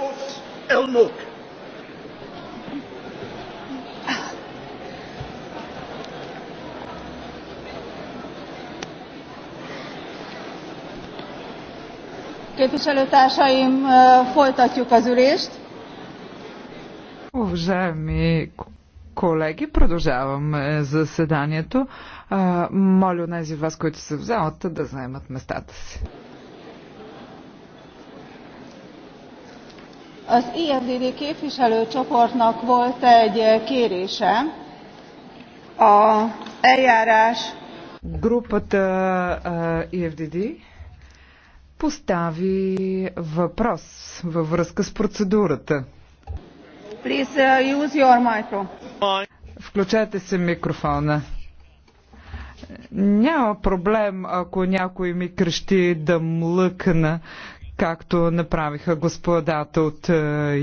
Os Elmuk. Képviselőtársaim, folytatjuk az ülést. Уважаеми колеги, продължаваме заседанието. Е, моля тези вас, които са в залата, да заемат местата си. az efdd képviselőcsoportnak volt egy kérése az eljárás Групата EFDD постави въпрос във връзка с процедурата. Please uh, use your micro. Включете се микрофона. Няма проблем, ако някой ми крещи да млъкна, както направиха господата от е,